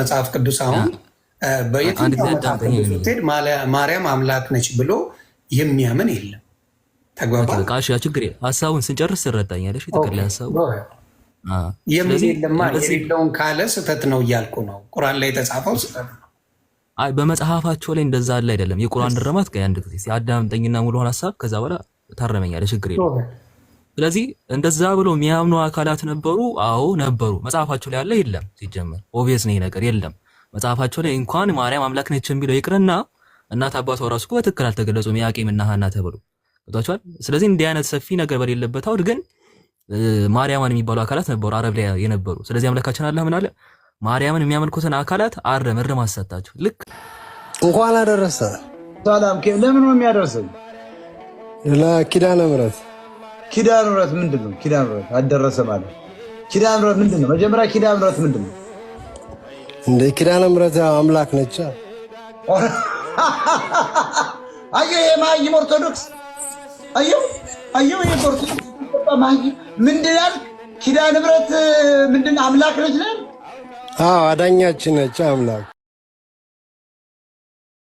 መጽሐፍ ቅዱስ አሁን በየትኛው ማርያም አምላክ ነች ብሎ የሚያምን የለም። ተግባባሽ? ችግር ሀሳቡን ስንጨርስ ትረዳኛለሽ። የተቀለ ሀሳቡ የምን የለማ የሌለውን ካለ ስህተት ነው እያልኩ ነው። ቁርአን ላይ የተጻፈው ስህተት ነው። አይ በመጽሐፋቸው ላይ እንደዛ አለ አይደለም። የቁርአን ድረማት ከአንድ ጊዜ አዳምጠኝና ሙሉውን ሀሳብ ከዛ በኋላ ታረመኛለሽ። ችግር የለም ስለዚህ እንደዛ ብሎ የሚያምኑ አካላት ነበሩ። አዎ ነበሩ። መጽሐፋቸው ላይ ያለ የለም። ሲጀመር ኦብቪየስ ነው ነገር የለም። መጽሐፋቸው ላይ እንኳን ማርያም አምላክ ነች የሚለው ይቅርና እናት አባቷ ራሱ በትክክል አልተገለጹም። ያቄም እና ሐና ተብሎ ብታችኋል። ስለዚህ እንዲህ አይነት ሰፊ ነገር በሌለበት አውድ ግን ማርያማን የሚባሉ አካላት ነበሩ፣ አረብ ላይ የነበሩ። ስለዚህ አምላካችን አላህ ምን አለ? ማርያምን የሚያመልኩትን አካላት አረም እርም አሰጣቸው። ልክ እንኳን አደረሰ ሰላም ለምን ነው የሚያደርሰው ለኪዳነ ምሕረት ኪዳነ ምሕረት ምንድን ነው? ኪዳነ ምሕረት አደረሰ ማለት ኪዳነ ምሕረት ምንድን ነው? መጀመሪያ ኪዳነ ምሕረት ምንድን ነው? እንደ ኪዳነ ምሕረት አምላክ ነች። አየሁ የማይም ኦርቶዶክስ አየሁ አየሁ የኦርቶዶክስ ማይም ምንድን ያል ኪዳነ ምሕረት ምንድን አምላክ ነች ነን አዎ አዳኛችን ነች አምላክ